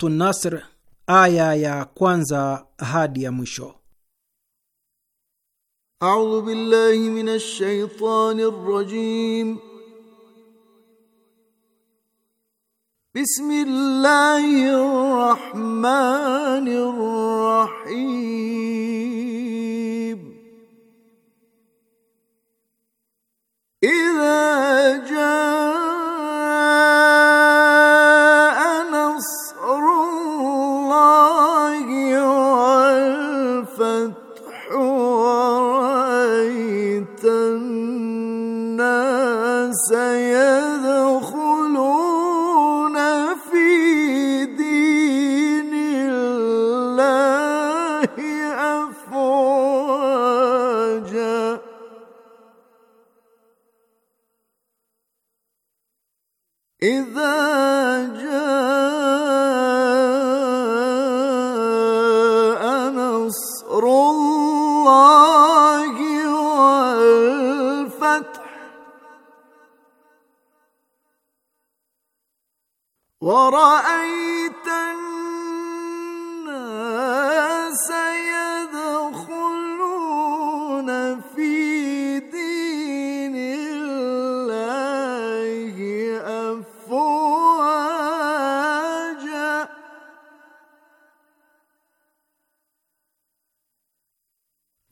Suratu Nasr aya ya kwanza hadi ya mwisho. Audhu billahi minash shaitani rrajim. Bismillahi rrahmani rrahim. Idha jaa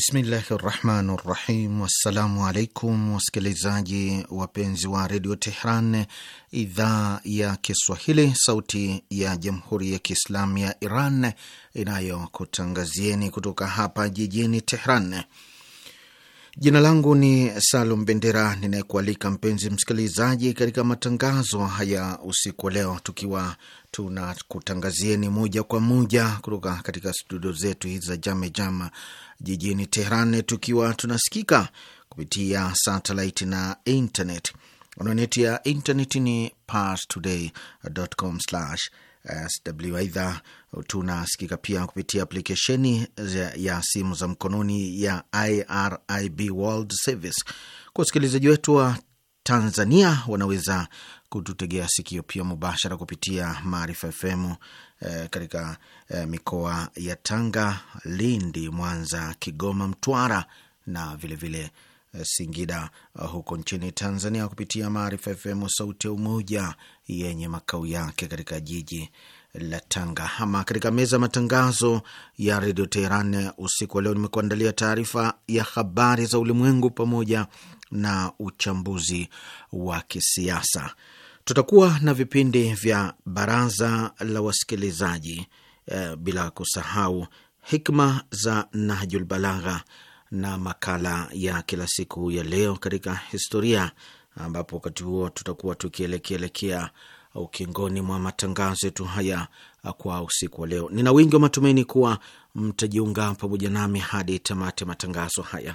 Bismillahi rahmani rahim. Wassalamu alaikum wasikilizaji wapenzi wa redio Tehran, idhaa ya Kiswahili, sauti ya jamhuri ya kiislamu ya Iran inayokutangazieni kutoka hapa jijini Tehran Jina langu ni Salum Bendera, ninayekualika mpenzi msikilizaji katika matangazo haya usiku wa leo, tukiwa tunakutangazieni moja kwa moja kutoka katika studio zetu hizi za Jamejama jijini Teheran, tukiwa tunasikika kupitia satellite na internet. Anwani ya internet ni parstoday.com/sw SW. Aidha, tunasikika pia kupitia aplikesheni ya simu za mkononi ya IRIB World Service. Kwa wasikilizaji wetu wa Tanzania, wanaweza kututegea sikio pia mubashara kupitia Maarifa FM eh, katika eh, mikoa ya Tanga, Lindi, Mwanza, Kigoma, Mtwara na vilevile vile, eh, Singida, uh, huko nchini Tanzania kupitia Maarifa FM sauti ya Umoja yenye makao yake katika jiji la Tanga. Ama katika meza ya matangazo ya redio Teheran usiku wa leo, nimekuandalia taarifa ya habari za ulimwengu pamoja na uchambuzi wa kisiasa. Tutakuwa na vipindi vya baraza la wasikilizaji eh, bila kusahau hikma za Nahjul Balagha na makala ya kila siku ya leo katika historia ambapo wakati huo tutakuwa tukielekeelekea ukingoni mwa matangazo yetu haya kwa usiku wa leo. Nina wingi wa matumaini kuwa mtajiunga pamoja nami hadi tamate matangazo haya.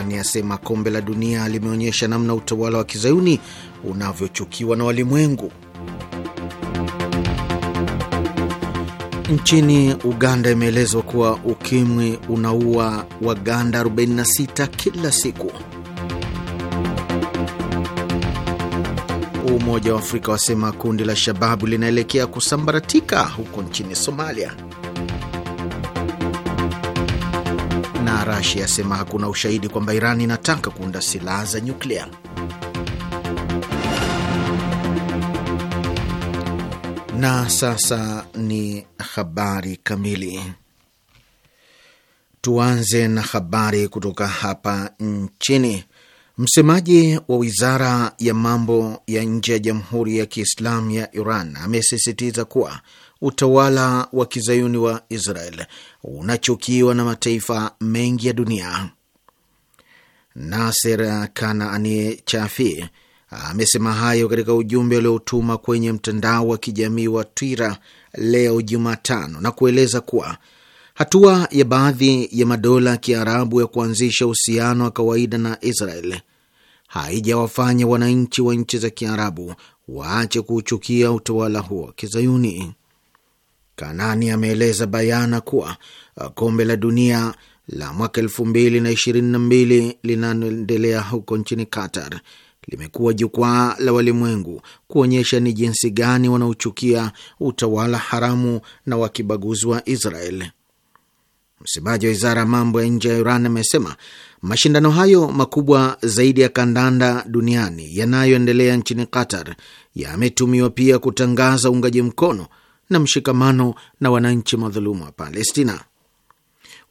Marekani asema kombe la dunia limeonyesha namna utawala wa kizayuni unavyochukiwa na walimwengu. Nchini Uganda imeelezwa kuwa ukimwi unaua Waganda 46 kila siku. Umoja wa Afrika wasema kundi la shababu linaelekea kusambaratika huko nchini Somalia. Rasia yasema hakuna ushahidi kwamba Iran inataka kuunda silaha za nyuklia. Na sasa ni habari kamili. Tuanze na habari kutoka hapa nchini. Msemaji wa wizara ya mambo ya nje ya Jamhuri ya Kiislamu ya Iran amesisitiza kuwa utawala wa kizayuni wa Israel unachukiwa na mataifa mengi ya dunia. Naser Kanaani Chafi amesema hayo katika ujumbe aliotuma kwenye mtandao wa kijamii wa Twitter leo Jumatano na kueleza kuwa hatua ya baadhi ya madola ya Kiarabu ya kuanzisha uhusiano wa kawaida na Israel haijawafanya wananchi wa nchi za Kiarabu waache kuuchukia utawala huo wa kizayuni. Kanani ameeleza bayana kuwa uh, kombe la dunia la mwaka elfu mbili na ishirini na mbili linaloendelea huko nchini Qatar limekuwa jukwaa la walimwengu kuonyesha ni jinsi gani wanaochukia utawala haramu na wakibaguzi wa Israel. Msemaji wa wizara ya mambo ya nje ya Iran amesema mashindano hayo makubwa zaidi ya kandanda duniani yanayoendelea nchini Qatar yametumiwa pia kutangaza uungaji mkono na mshikamano na wananchi madhulumu wa Palestina.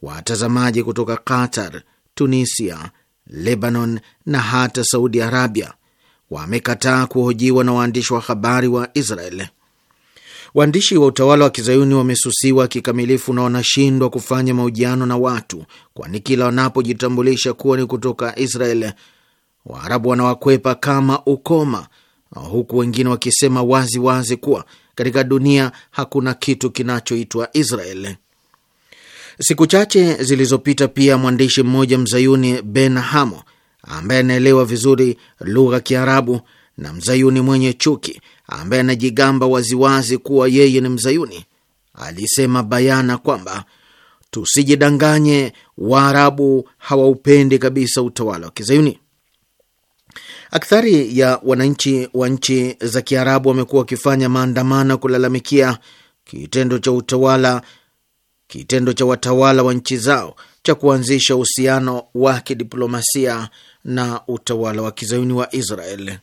Watazamaji kutoka Qatar, Tunisia, Lebanon na hata Saudi Arabia wamekataa kuhojiwa na waandishi wa habari wa Israel. Waandishi wa utawala wa kizayuni wamesusiwa kikamilifu na wanashindwa kufanya mahojiano na watu, kwani kila wanapojitambulisha kuwa ni kutoka Israel, Waarabu wanawakwepa kama ukoma, huku wengine wakisema wazi wazi kuwa katika dunia hakuna kitu kinachoitwa Israel. Siku chache zilizopita pia mwandishi mmoja mzayuni Ben Hamo ambaye anaelewa vizuri lugha Kiarabu na mzayuni mwenye chuki ambaye anajigamba waziwazi kuwa yeye ni mzayuni alisema bayana kwamba tusijidanganye, Waarabu hawaupendi kabisa utawala wa Kizayuni. Akthari ya wananchi wa nchi za Kiarabu wamekuwa wakifanya maandamano kulalamikia kitendo cha utawala kitendo cha watawala wa nchi zao cha kuanzisha uhusiano wa kidiplomasia na utawala wa kizayuni wa Israel.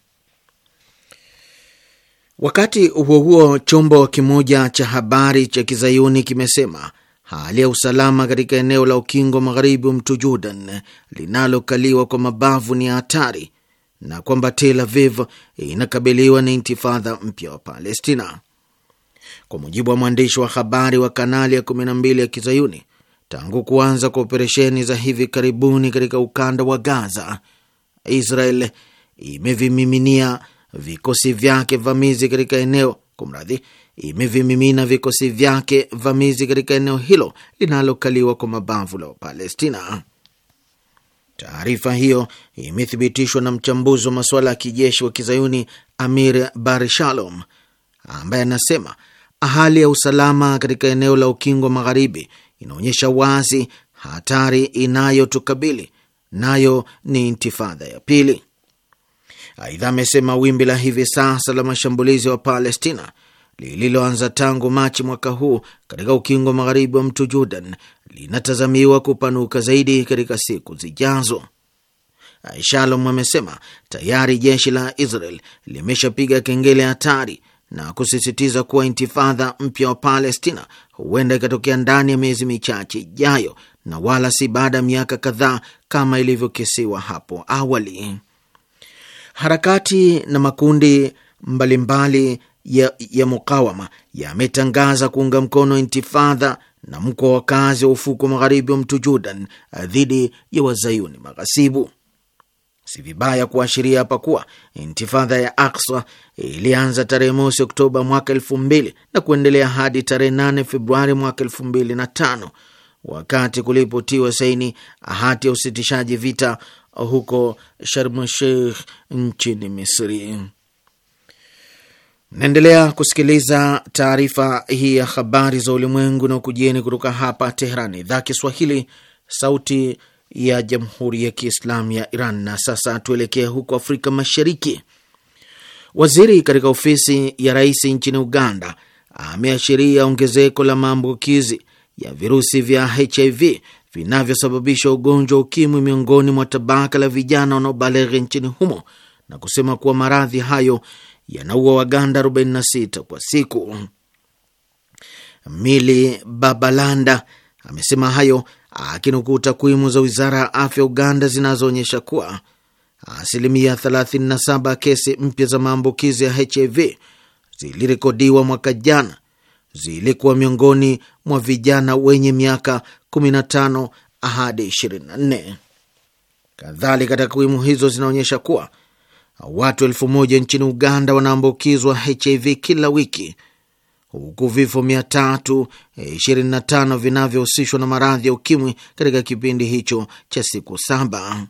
Wakati huo huo, chombo kimoja cha habari cha kizayuni kimesema hali ya usalama katika eneo la ukingo magharibi mtu mto Jordan linalokaliwa kwa mabavu ni hatari na kwamba Tel Aviv inakabiliwa na intifadha mpya wa Palestina. Kwa mujibu wa mwandishi wa habari wa kanali ya 12 ya Kizayuni, tangu kuanza kwa operesheni za hivi karibuni katika ukanda wa Gaza, Israel imevimiminia vikosi vyake vamizi katika eneo kumradhi, imevimimina vikosi vyake vamizi katika eneo hilo linalokaliwa kwa mabavu la Palestina. Taarifa hiyo imethibitishwa na mchambuzi wa masuala ya kijeshi wa kizayuni Amir Bar Shalom ambaye anasema hali ya usalama katika eneo la Ukingo Magharibi inaonyesha wazi hatari inayotukabili nayo ni intifadha ya pili. Aidha, amesema wimbi la hivi sasa la mashambulizi wa Palestina lililoanza tangu Machi mwaka huu katika ukingo magharibi wa mto Jordan linatazamiwa kupanuka zaidi katika siku zijazo. Shalom amesema tayari jeshi la Israel limeshapiga kengele hatari na kusisitiza kuwa intifadha mpya wa Palestina huenda ikatokea ndani ya miezi michache ijayo na wala si baada ya miaka kadhaa kama ilivyokisiwa hapo awali. Harakati na makundi mbalimbali mbali ya, ya mukawama yametangaza kuunga mkono intifadha na mkwa wakazi wa ufuko magharibi wa mto Jordan eh, dhidi ya wazayuni maghasibu. Si vibaya kuashiria hapa kuwa intifadha ya Aksa eh, ilianza tarehe mosi Oktoba mwaka elfu mbili na kuendelea hadi tarehe 8 Februari mwaka elfu mbili na tano wakati kulipotiwa saini ahati ya usitishaji vita huko Sharm nchini Misri. Naendelea kusikiliza taarifa hii ya habari za ulimwengu na ukujieni kutoka hapa Tehran, idhaa Kiswahili, sauti ya jamhuri ya kiislamu ya Iran. Na sasa tuelekee huko Afrika Mashariki. Waziri katika ofisi ya rais nchini Uganda ameashiria ongezeko la maambukizi ya virusi vya HIV vinavyosababisha ugonjwa wa ukimwi miongoni mwa tabaka la vijana wanaobaleghe nchini humo na kusema kuwa maradhi hayo yanaua Waganda 46 kwa siku. Mili Babalanda amesema hayo akinukuu takwimu za wizara ya afya Uganda zinazoonyesha kuwa asilimia 37 kesi mpya za maambukizi ya HIV zilirekodiwa mwaka jana zilikuwa miongoni mwa vijana wenye miaka 15 hadi 24. Kadhalika, takwimu hizo zinaonyesha kuwa watu elfu moja nchini Uganda wanaambukizwa HIV kila wiki, huku vifo 325 eh, vinavyohusishwa na maradhi ya ukimwi katika kipindi hicho cha siku saba.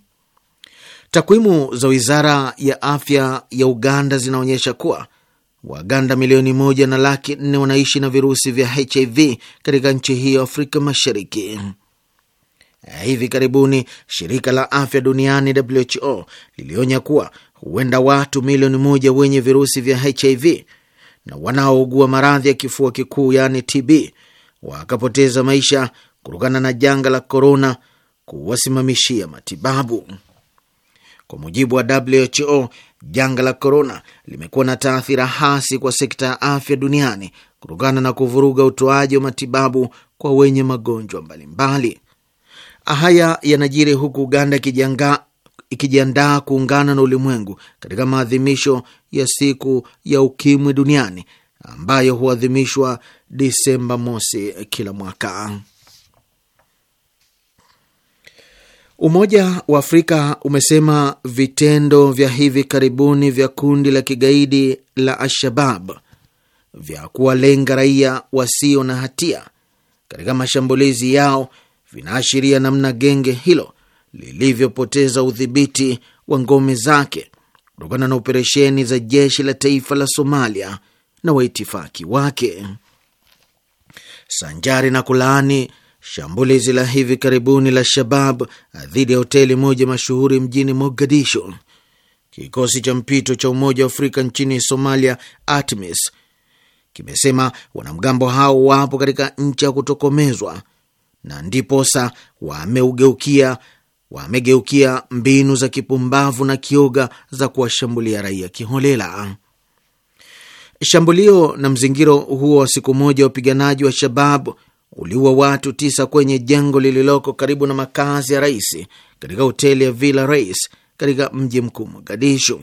Takwimu za wizara ya afya ya Uganda zinaonyesha kuwa Waganda milioni moja na laki nne wanaishi na virusi vya HIV katika nchi hiyo Afrika Mashariki. Eh, hivi karibuni shirika la afya duniani WHO lilionya kuwa huenda watu milioni moja wenye virusi vya HIV na wanaougua maradhi ya kifua kikuu yaani TB wakapoteza maisha kutokana na janga la korona kuwasimamishia matibabu. Kwa mujibu wa WHO, janga la korona limekuwa na taathira hasi kwa sekta ya afya duniani kutokana na kuvuruga utoaji wa matibabu kwa wenye magonjwa mbalimbali. Haya yanajiri huku Uganda kijiandaa ikijiandaa kuungana na ulimwengu katika maadhimisho ya siku ya ukimwi duniani ambayo huadhimishwa Disemba mosi kila mwaka. Umoja wa Afrika umesema vitendo vya hivi karibuni vya kundi la kigaidi la Alshabab vya kuwalenga raia wasio na hatia katika mashambulizi yao vinaashiria namna genge hilo lilivyopoteza udhibiti wa ngome zake kutokana na operesheni za jeshi la taifa la Somalia na waitifaki wake, sanjari na kulaani shambulizi la hivi karibuni la Shabab dhidi ya hoteli moja mashuhuri mjini Mogadisho, Kikosi cha mpito cha Umoja wa Afrika nchini Somalia, ATMIS, kimesema wanamgambo hao wapo katika nchi ya kutokomezwa na ndiposa wameugeukia wamegeukia mbinu za kipumbavu na kioga za kuwashambulia raia kiholela. Shambulio na mzingiro huo wa siku moja wa wapiganaji wa Shabab uliua watu tisa kwenye jengo lililoko karibu na makazi ya rais katika hoteli ya Villa Rais katika mji mkuu Mogadishu.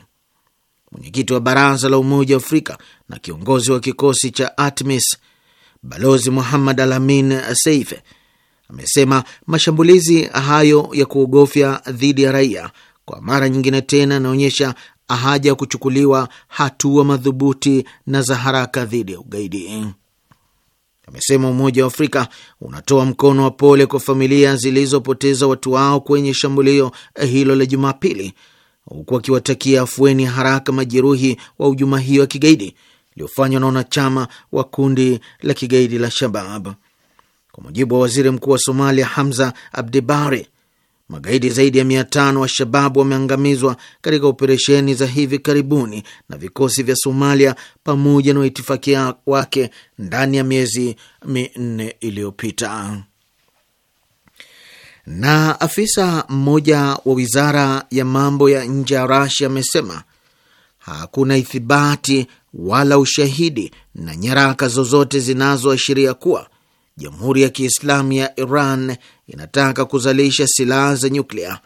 Mwenyekiti wa Baraza la Umoja wa Afrika na kiongozi wa kikosi cha ATMIS Balozi Muhammad Alamin Seife amesema mashambulizi hayo ya kuogofya dhidi ya raia kwa mara nyingine tena yanaonyesha haja ya kuchukuliwa hatua madhubuti na za haraka dhidi ya ugaidi. Amesema Umoja wa Afrika unatoa mkono wa pole kwa familia zilizopoteza watu wao kwenye shambulio hilo la Jumapili, huku akiwatakia afueni haraka majeruhi wa hujuma hiyo ya kigaidi iliyofanywa na wanachama wa kundi la kigaidi la Shabab. Kwa mujibu wa waziri mkuu wa Somalia Hamza Abdibari, magaidi zaidi ya mia tano wa Shababu wameangamizwa katika operesheni za hivi karibuni na vikosi vya Somalia pamoja na waitifaki wake ndani ya miezi minne iliyopita. Na afisa mmoja wa wizara ya mambo ya nje ya Rasia amesema hakuna ithibati wala ushahidi na nyaraka zozote zinazoashiria kuwa Jamhuri ya Kiislamu ya Iran inataka kuzalisha silaha za nyuklia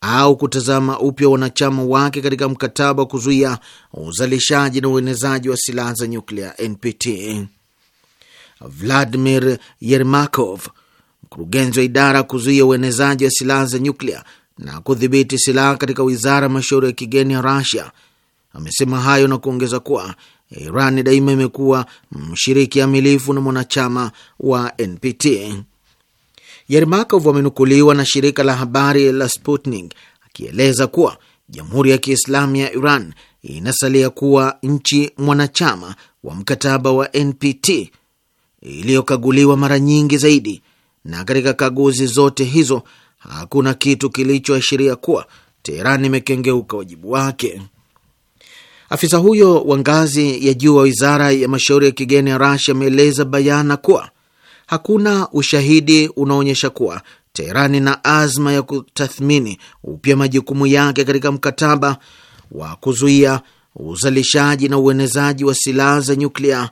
au kutazama upya wanachama wake katika mkataba wa kuzuia uzalishaji na uenezaji wa silaha za nyuklia NPT. Vladimir Yermakov, mkurugenzi wa idara ya kuzuia uenezaji wa silaha za nyuklia na kudhibiti silaha katika wizara ya mashauri ya kigeni ya Russia, amesema hayo na kuongeza kuwa Iran daima imekuwa mshiriki amilifu na mwanachama wa NPT. Yermakov amenukuliwa na shirika la habari la Sputnik akieleza kuwa Jamhuri ya Kiislamu ya Iran inasalia kuwa nchi mwanachama wa mkataba wa NPT iliyokaguliwa mara nyingi zaidi, na katika kaguzi zote hizo hakuna kitu kilichoashiria kuwa Teheran imekengeuka wajibu wake. Afisa huyo wa ngazi ya juu wa wizara ya mashauri ya kigeni ya Rasia ameeleza bayana kuwa hakuna ushahidi unaonyesha kuwa Teherani na azma ya kutathmini upya majukumu yake katika mkataba wa kuzuia uzalishaji na uenezaji wa silaha za nyuklia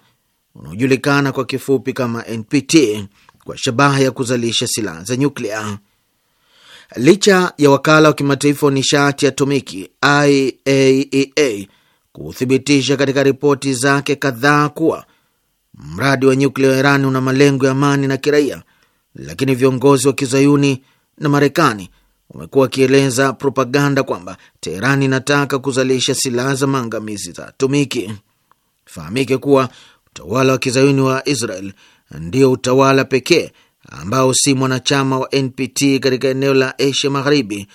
unaojulikana kwa kifupi kama NPT kwa shabaha ya kuzalisha silaha za nyuklia. Licha ya wakala wa kimataifa wa nishati atomiki IAEA e kuthibitisha katika ripoti zake kadhaa kuwa mradi wa nyuklia wa Iran una malengo ya amani na kiraia, lakini viongozi wa kizayuni na Marekani wamekuwa wakieleza propaganda kwamba Teherani inataka kuzalisha silaha za maangamizi za atomiki. fahamike kuwa utawala wa kizayuni wa Israel ndio utawala pekee ambao si mwanachama wa NPT katika eneo la Asia Magharibi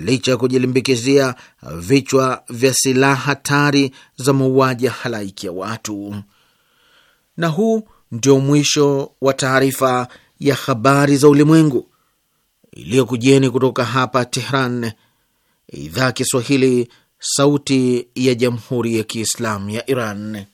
licha ya kujilimbikizia vichwa vya silaha hatari za mauaji ya halaiki ya watu. Na huu ndio mwisho wa taarifa ya habari za ulimwengu iliyokujeni kutoka hapa Tehran, idhaa Kiswahili, sauti ya jamhuri ya kiislamu ya Iran.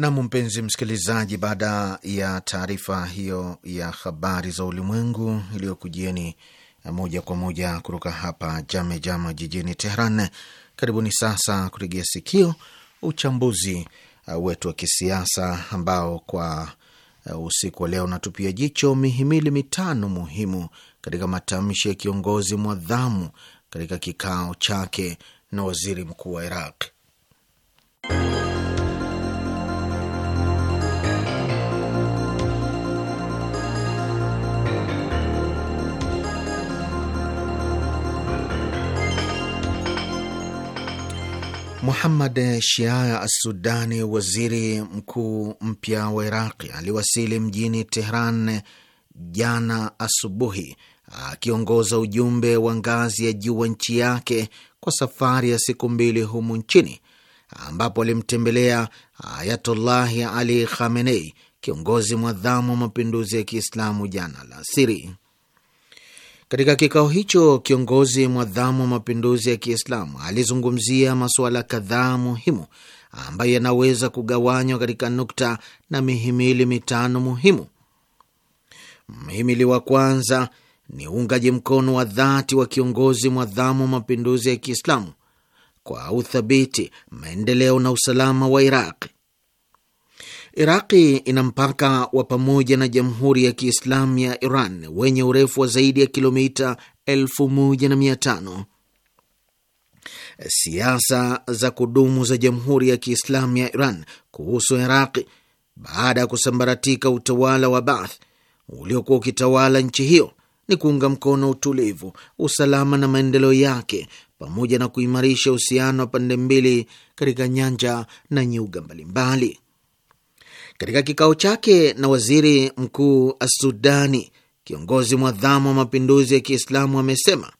Nam, mpenzi msikilizaji, baada ya taarifa hiyo ya habari za ulimwengu iliyokujieni moja kwa moja kutoka hapa Jamejama jijini Tehran, karibuni sasa kurejea sikio uchambuzi uh, wetu wa kisiasa ambao kwa uh, usiku wa leo unatupia jicho mihimili mitano muhimu katika matamshi ya kiongozi mwadhamu katika kikao chake na waziri mkuu wa Iraq. Muhammad Shiaa Assudani, waziri mkuu mpya wa Iraqi, aliwasili mjini Tehran jana asubuhi akiongoza ujumbe wa ngazi ya juu wa nchi yake kwa safari ya siku mbili humu nchini ambapo alimtembelea Ayatullahi Ali Khamenei, kiongozi mwadhamu wa mapinduzi ya Kiislamu, jana alasiri. Katika kikao hicho kiongozi mwadhamu wa mapinduzi ya Kiislamu alizungumzia masuala kadhaa muhimu ambayo yanaweza kugawanywa katika nukta na mihimili mitano muhimu. Mhimili wa kwanza ni uungaji mkono wa dhati wa kiongozi mwadhamu wa mapinduzi ya Kiislamu kwa uthabiti, maendeleo na usalama wa Iraqi. Iraqi ina mpaka wa pamoja na Jamhuri ya Kiislamu ya Iran wenye urefu wa zaidi ya kilomita 15 Siasa za kudumu za Jamhuri ya Kiislamu ya Iran kuhusu Iraqi baada ya kusambaratika utawala wa Baath uliokuwa ukitawala nchi hiyo ni kuunga mkono utulivu, usalama na maendeleo yake pamoja na kuimarisha uhusiano wa pande mbili katika nyanja na nyuga mbalimbali. Katika kikao chake na waziri mkuu Assudani, kiongozi mwadhamu wa mapinduzi ya Kiislamu amesema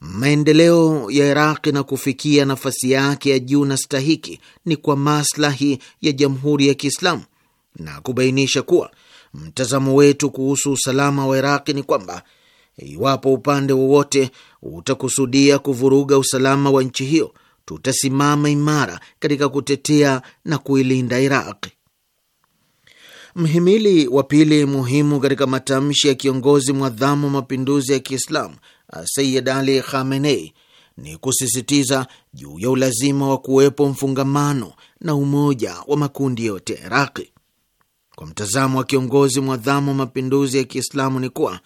maendeleo ya Iraqi na kufikia nafasi yake ya juu na stahiki ni kwa maslahi ya jamhuri ya Kiislamu na kubainisha kuwa mtazamo wetu kuhusu usalama wa Iraqi ni kwamba iwapo upande wowote utakusudia kuvuruga usalama wa nchi hiyo, tutasimama imara katika kutetea na kuilinda Iraqi. Mhimili wa pili muhimu katika matamshi ya kiongozi mwadhamu wa mapinduzi ya Kiislamu Sayyid Ali Khamenei ni kusisitiza juu ya ulazima wa kuwepo mfungamano na umoja wa makundi yote ya Iraqi. Kwa mtazamo wa kiongozi mwadhamu wa mapinduzi ya Kiislamu ni kuwa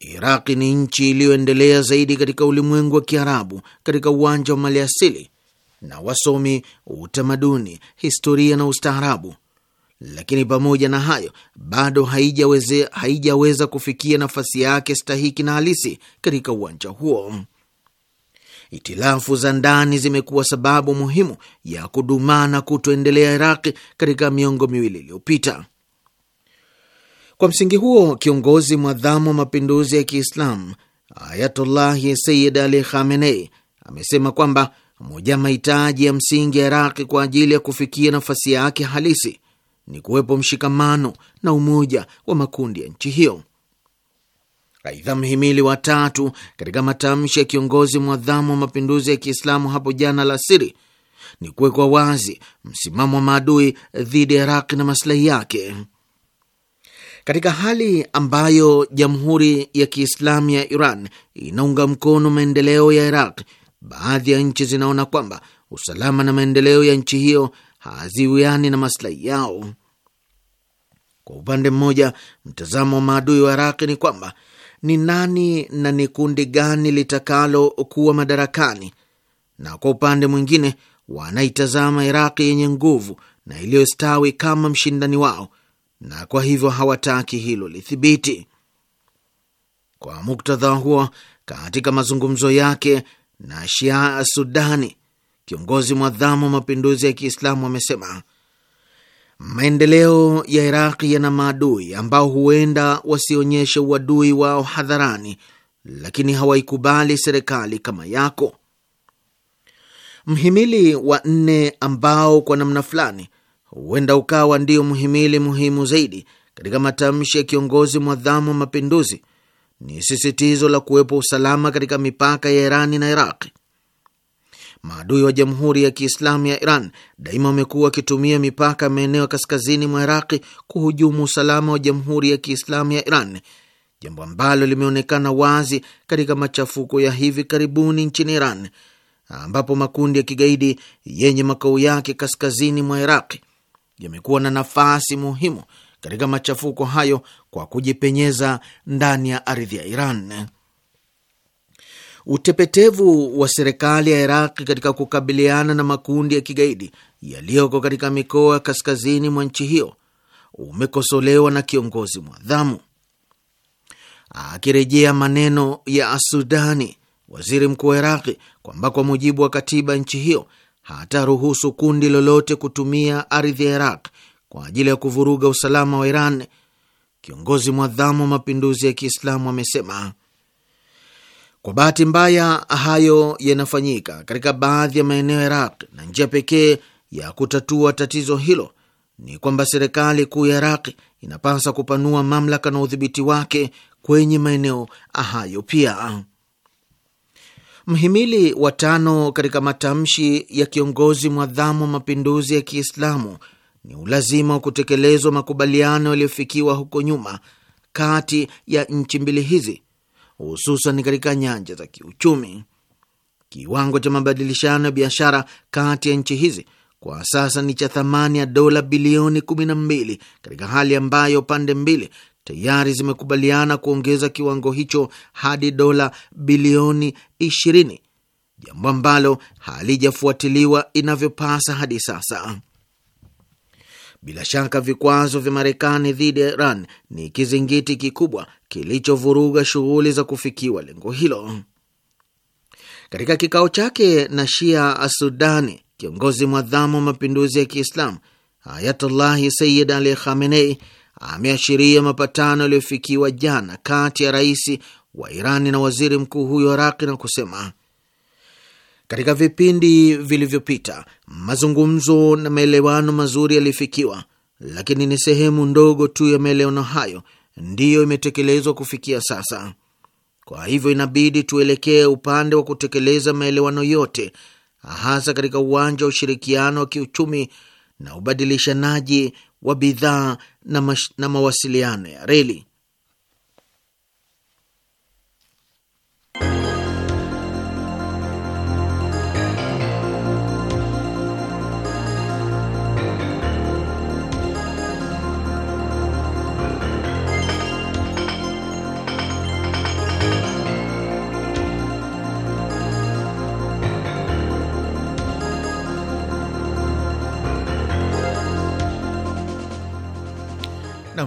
Iraqi ni nchi iliyoendelea zaidi katika ulimwengu wa Kiarabu katika uwanja wa maliasili na wasomi, utamaduni, historia na ustaarabu lakini pamoja na hayo bado haijaweze, haijaweza kufikia nafasi yake stahiki na halisi katika uwanja huo. Itilafu za ndani zimekuwa sababu muhimu ya kudumana kutoendelea Iraqi katika miongo miwili iliyopita. Kwa msingi huo, kiongozi mwadhamu wa mapinduzi ya Kiislamu Ayatullahi Sayyid Ali Khamenei amesema kwamba moja mahitaji ya msingi ya Iraqi kwa ajili ya kufikia nafasi yake halisi ni kuwepo mshikamano na umoja wa makundi ya nchi hiyo. Aidha, mhimili wa tatu katika matamshi ya kiongozi mwadhamu wa mapinduzi ya Kiislamu hapo jana la siri ni kuwekwa wazi msimamo wa maadui dhidi ya iraq na maslahi yake katika hali ambayo Jamhuri ya Kiislamu ya Iran inaunga mkono maendeleo ya Iraq, baadhi ya nchi zinaona kwamba usalama na maendeleo ya nchi hiyo haziwiani na maslahi yao. Kwa upande mmoja, mtazamo wa maadui wa Iraqi ni kwamba ni nani na ni kundi gani litakalo kuwa madarakani, na kwa upande mwingine wanaitazama Iraqi yenye nguvu na iliyostawi kama mshindani wao, na kwa hivyo hawataki hilo lithibiti. Kwa muktadha huo, katika mazungumzo yake na Shia Sudani, kiongozi mwadhamu wa mapinduzi ya Kiislamu amesema maendeleo ya Iraqi yana maadui ambao huenda wasionyeshe uadui wao hadharani, lakini hawaikubali serikali kama yako. Mhimili wa nne ambao kwa namna fulani huenda ukawa ndio mhimili muhimu zaidi katika matamshi ya kiongozi mwadhamu wa mapinduzi ni sisitizo la kuwepo usalama katika mipaka ya Irani na Iraqi maadui wa Jamhuri ya Kiislamu ya Iran daima wamekuwa wakitumia mipaka maeneo ya kaskazini mwa Iraqi kuhujumu usalama wa Jamhuri ya Kiislamu ya Iran, jambo ambalo limeonekana wazi katika machafuko ya hivi karibuni nchini Iran, ambapo makundi ya kigaidi yenye makao yake kaskazini mwa Iraqi yamekuwa na nafasi muhimu katika machafuko hayo kwa kujipenyeza ndani ya ardhi ya Iran utepetevu wa serikali ya iraq katika kukabiliana na makundi ya kigaidi yaliyoko katika mikoa kaskazini mwa nchi hiyo umekosolewa na kiongozi mwadhamu. Akirejea maneno ya Asudani, waziri mkuu wa Iraqi, kwamba kwa mujibu wa katiba nchi hiyo hataruhusu kundi lolote kutumia ardhi ya Iraq kwa ajili ya kuvuruga usalama wa Iran, kiongozi mwadhamu wa mapinduzi ya Kiislamu amesema kwa bahati mbaya, hayo yanafanyika katika baadhi ya maeneo ya Iraq, na njia pekee ya kutatua tatizo hilo ni kwamba serikali kuu ya Iraq inapasa kupanua mamlaka na udhibiti wake kwenye maeneo hayo pia. Mhimili wa tano katika matamshi ya kiongozi mwadhamu wa mapinduzi ya Kiislamu ni ulazima wa kutekelezwa makubaliano yaliyofikiwa huko nyuma kati ya nchi mbili hizi hususan katika nyanja za kiuchumi. Kiwango cha mabadilishano ya biashara kati ya nchi hizi kwa sasa ni cha thamani ya dola bilioni 12 katika hali ambayo pande mbili tayari zimekubaliana kuongeza kiwango hicho hadi dola bilioni 20, jambo ambalo halijafuatiliwa inavyopasa hadi sasa. Bila shaka vikwazo vya Marekani dhidi ya Iran ni kizingiti kikubwa kilichovuruga shughuli za kufikiwa lengo hilo. Katika kikao chake na Shia Asudani, kiongozi mwadhamu wa mapinduzi ya Kiislamu Ayatullahi Sayid Ali Khamenei ameashiria mapatano yaliyofikiwa jana kati ya rais wa Irani na waziri mkuu huyo Iraqi na kusema katika vipindi vilivyopita, mazungumzo na maelewano mazuri yalifikiwa, lakini ni sehemu ndogo tu ya maelewano hayo ndiyo imetekelezwa kufikia sasa. Kwa hivyo inabidi tuelekee upande wa kutekeleza maelewano yote, hasa katika uwanja wa ushirikiano wa kiuchumi na ubadilishanaji wa bidhaa na, na mawasiliano ya reli.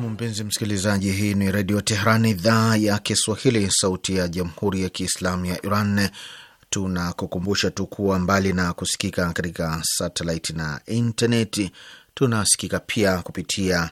Nam, mpenzi msikilizaji, hii ni Redio Tehran, idhaa ya Kiswahili, sauti ya Jamhuri ya Kiislamu ya Iran. Tunakukumbusha tu kuwa mbali na kusikika katika satelit na intaneti, tunasikika pia kupitia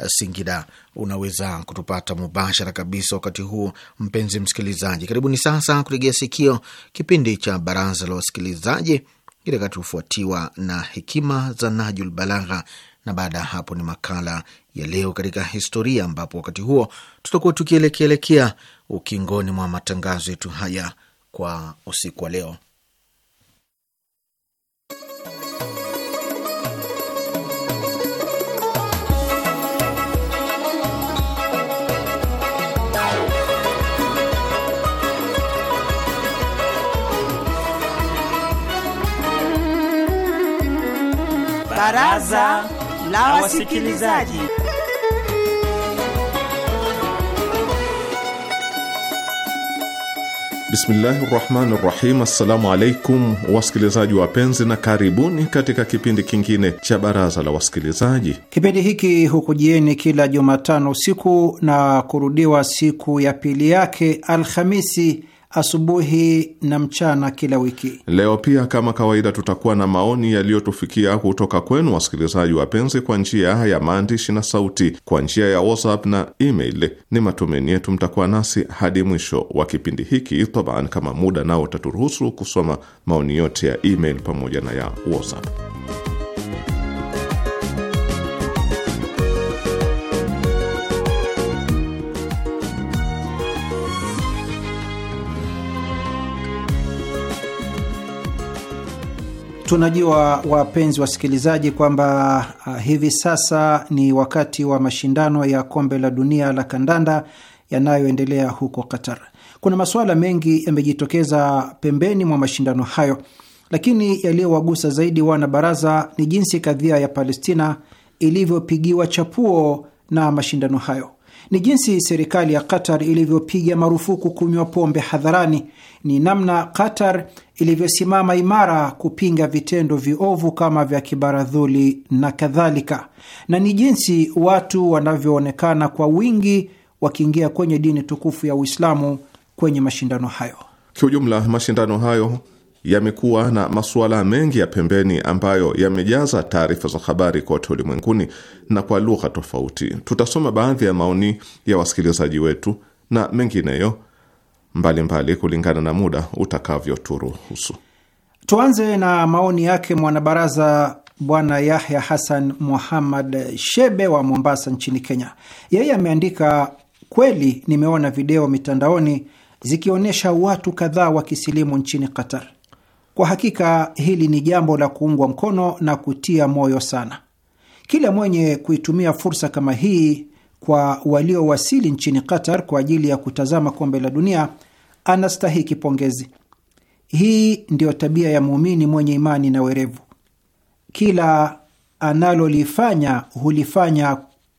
Eh, Singida. Unaweza kutupata mubashara kabisa wakati huu, mpenzi msikilizaji. Karibuni sasa kutegea sikio kipindi cha Baraza la Wasikilizaji kitakachofuatiwa na Hekima za Najul Balagha, na baada ya hapo ni makala ya Leo katika Historia, ambapo wakati huo tutakuwa tukielekeelekea ukingoni mwa matangazo yetu haya kwa usiku wa leo. Baraza la Wasikilizaji. Bismillahi rahmani rahim. Assalamu alaikum wasikilizaji wapenzi, na karibuni katika kipindi kingine cha baraza la wasikilizaji. Kipindi hiki hukujieni kila Jumatano usiku na kurudiwa siku ya pili yake Alhamisi asubuhi na mchana kila wiki. Leo pia kama kawaida, tutakuwa na maoni yaliyotufikia kutoka kwenu wasikilizaji wapenzi, kwa njia ya maandishi na sauti, kwa njia ya WhatsApp na email. Ni matumaini yetu mtakuwa nasi hadi mwisho wa kipindi hiki taban, kama muda nao utaturuhusu kusoma maoni yote ya email pamoja na ya WhatsApp. Tunajua wapenzi wasikilizaji, kwamba uh, hivi sasa ni wakati wa mashindano ya kombe la dunia la kandanda yanayoendelea huko Qatar. Kuna masuala mengi yamejitokeza pembeni mwa mashindano hayo, lakini yaliyowagusa zaidi wana baraza ni jinsi kadhia ya Palestina ilivyopigiwa chapuo na mashindano hayo ni jinsi serikali ya Qatar ilivyopiga marufuku kunywa pombe hadharani, ni namna Qatar ilivyosimama imara kupinga vitendo viovu kama vya kibaradhuli na kadhalika, na ni jinsi watu wanavyoonekana kwa wingi wakiingia kwenye dini tukufu ya Uislamu kwenye mashindano hayo. Kiujumla, mashindano hayo yamekuwa na masuala mengi ya pembeni ambayo yamejaza taarifa za habari kote ulimwenguni na kwa lugha tofauti. Tutasoma baadhi ya maoni ya wasikilizaji wetu na mengineyo mbalimbali kulingana na muda utakavyoturuhusu. Tuanze na maoni yake mwanabaraza Bwana Yahya Hassan Muhammad Shebe wa Mombasa nchini Kenya. Yeye ameandika, kweli nimeona video mitandaoni zikionyesha watu kadhaa wakisilimu nchini Qatar. Kwa hakika hili ni jambo la kuungwa mkono na kutia moyo sana. Kila mwenye kuitumia fursa kama hii kwa waliowasili nchini Qatar kwa ajili ya kutazama kombe la dunia anastahiki pongezi. Hii ndiyo tabia ya muumini mwenye imani na werevu. Kila analolifanya hulifanya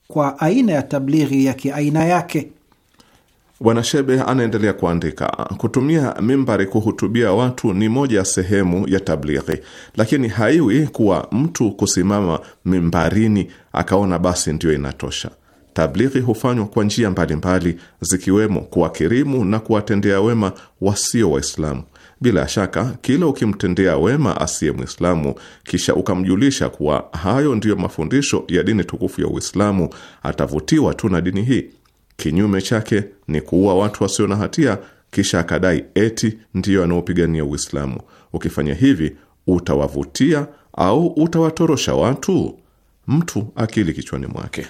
kwa aina ya tablighi ya kiaina yake. Bwana Shebe anaendelea kuandika, kutumia mimbari kuhutubia watu ni moja ya sehemu ya tablighi, lakini haiwi kuwa mtu kusimama mimbarini akaona basi ndiyo inatosha. Tablighi hufanywa kwa njia mbalimbali, zikiwemo kuwakirimu na kuwatendea wema wasio Waislamu. Bila shaka kila ukimtendea wema asiye Mwislamu kisha ukamjulisha kuwa hayo ndiyo mafundisho ya dini tukufu ya Uislamu, atavutiwa tu na dini hii. Kinyume chake ni kuua watu wasio na hatia, kisha akadai eti ndiyo anaopigania Uislamu. Ukifanya hivi utawavutia au utawatorosha watu? Mtu akili kichwani mwake.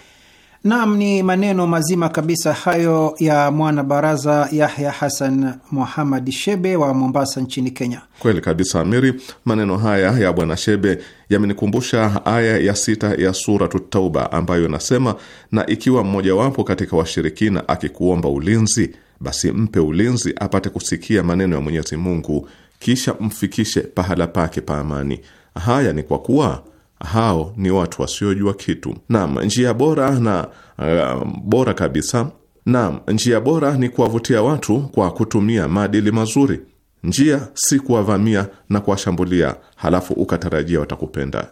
Naam, ni maneno mazima kabisa hayo ya mwanabaraza Yahya Hasan Muhamad Shebe wa Mombasa nchini Kenya. Kweli kabisa, Amiri, maneno haya ya Bwana Shebe yamenikumbusha aya ya sita ya Suratu Tauba ambayo inasema, na ikiwa mmojawapo katika washirikina akikuomba ulinzi, basi mpe ulinzi apate kusikia maneno ya Mwenyezi Mungu, kisha mfikishe pahala pake pa amani. Haya ni kwa kuwa hao ni watu wasiojua kitu. Naam, njia bora na uh, bora kabisa. Naam, njia bora ni kuwavutia watu kwa kutumia maadili mazuri Njia si kuwavamia na kuwashambulia, halafu ukatarajia watakupenda.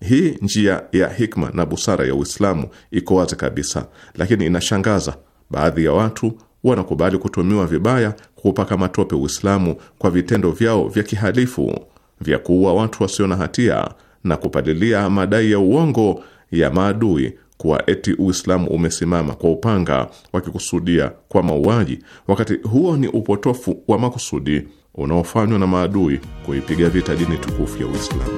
Hii njia ya hikma na busara ya Uislamu iko wazi kabisa, lakini inashangaza, baadhi ya watu wanakubali kutumiwa vibaya kuupaka matope Uislamu kwa vitendo vyao vya kihalifu vya kuua watu wasio na hatia na kupalilia madai ya uongo ya maadui kuwa eti Uislamu umesimama kwa upanga, wakikusudia kwa mauaji, wakati huo ni upotofu wa makusudi unaofanywa na maadui kuipiga vita dini tukufu ya Uislamu.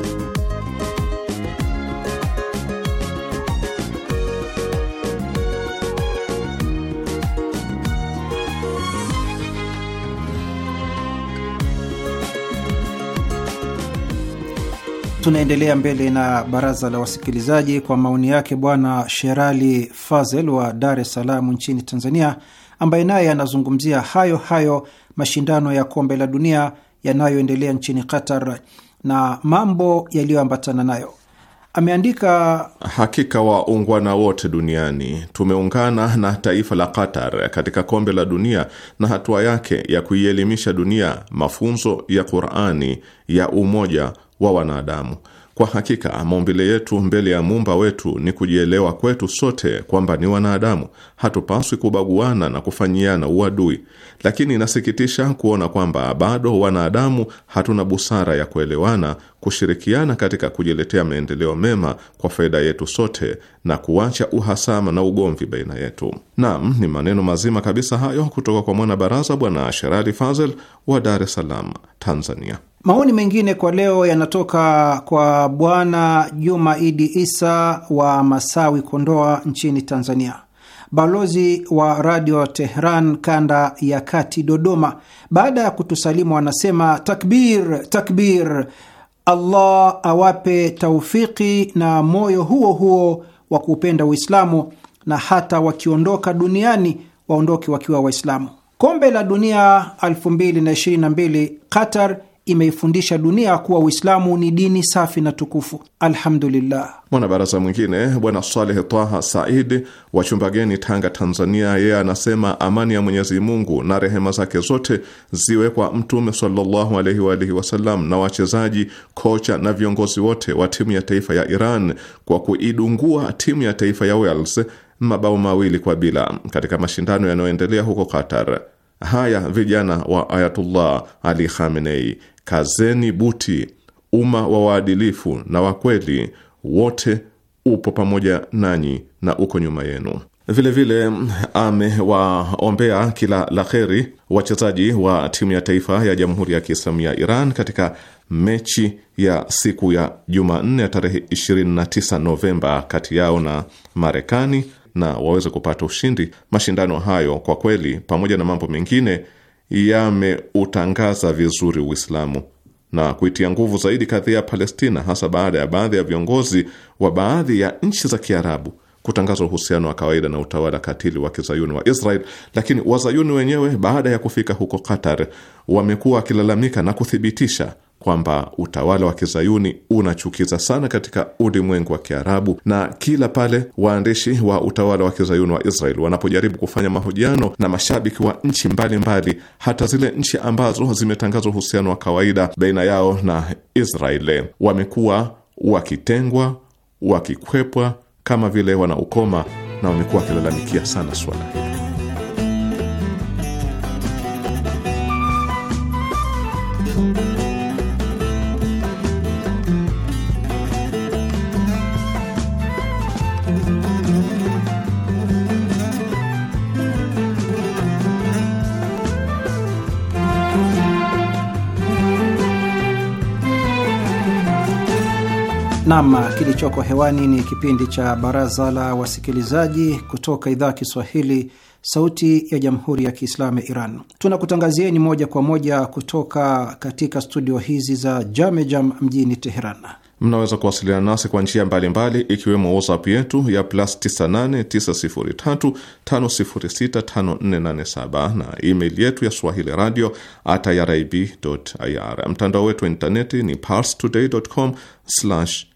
Tunaendelea mbele na baraza la wasikilizaji kwa maoni yake Bwana Sherali Fazel wa Dar es Salaam nchini Tanzania, ambaye naye anazungumzia hayo hayo mashindano ya kombe la dunia yanayoendelea nchini Qatar na mambo yaliyoambatana nayo. Ameandika, hakika waungwana wote duniani tumeungana na taifa la Qatar katika kombe la dunia na hatua yake ya kuielimisha dunia mafunzo ya Qurani ya umoja wa wanadamu. Kwa hakika maumbile yetu mbele ya muumba wetu ni kujielewa kwetu sote kwamba ni wanadamu. Hatupaswi kubaguana na kufanyiana uadui, lakini inasikitisha kuona kwamba bado wanadamu hatuna busara ya kuelewana, kushirikiana katika kujiletea maendeleo mema kwa faida yetu sote na kuacha uhasama na ugomvi baina yetu. Naam, ni maneno mazima kabisa hayo kutoka kwa mwanabaraza Bwana Sherali Fazel wa Dar es Salaam, Tanzania. Maoni mengine kwa leo yanatoka kwa Bwana Juma Idi Isa wa Masawi, Kondoa nchini Tanzania, balozi wa Radio Tehran kanda ya kati Dodoma. Baada ya kutusalimu, anasema takbir, takbir. Allah awape taufiki na moyo huo huo wa kuupenda Uislamu, na hata wakiondoka duniani waondoke wakiwa Waislamu. Kombe la Dunia 2022 Qatar imeifundisha dunia kuwa Uislamu ni dini safi na tukufu. Alhamdulillah. Mwanabaraza mwingine Bwana Saleh Taha Said wa Chumbageni, Tanga, Tanzania, yeye anasema amani ya Mwenyezi Mungu na rehema zake zote ziwe kwa Mtume sallallahu alaihi wa alihi wasallam na wachezaji, kocha na viongozi wote wa timu ya taifa ya Iran kwa kuidungua timu ya taifa ya Wales mabao mawili kwa bila katika mashindano yanayoendelea huko Qatar. Haya, vijana wa Ayatullah Ali Khamenei, kazeni buti. Umma wa waadilifu na wakweli wote upo pamoja nanyi na uko nyuma yenu. Vilevile amewaombea kila la kheri wachezaji wa timu ya taifa ya Jamhuri ya Kiislamu ya Iran katika mechi ya siku ya Jumanne ya tarehe 29 Novemba kati yao na Marekani na waweze kupata ushindi. Mashindano hayo kwa kweli, pamoja na mambo mengine, yameutangaza vizuri Uislamu na kuitia nguvu zaidi kadhia ya Palestina, hasa baada ya baadhi ya viongozi wa baadhi ya nchi za Kiarabu kutangaza uhusiano wa kawaida na utawala katili wa kizayuni wa Israel. Lakini wazayuni wenyewe baada ya kufika huko Qatar, wamekuwa wakilalamika na kuthibitisha kwamba utawala wa kizayuni unachukiza sana katika ulimwengu wa Kiarabu, na kila pale waandishi wa utawala wa kizayuni wa Israel wanapojaribu kufanya mahojiano na mashabiki wa nchi mbalimbali mbali, hata zile nchi ambazo zimetangaza uhusiano wa kawaida baina yao na Israeli, wamekuwa wakitengwa, wakikwepwa kama vile wanaukoma, na wamekuwa wakilalamikia sana swala hili. Nam, kilichoko hewani ni kipindi cha Baraza la Wasikilizaji kutoka idhaa Kiswahili, Sauti ya Jamhuri ya Kiislamu ya Iran. Tunakutangazieni moja kwa moja kutoka katika studio hizi za Jamejam mjini Teheran. Mnaweza kuwasiliana nasi kwa njia mbalimbali, ikiwemo WhatsApp yetu ya plus 989035065487 na email yetu ya swahili radio at irib.ir. Mtandao wetu wa intaneti ni parstoday.com slash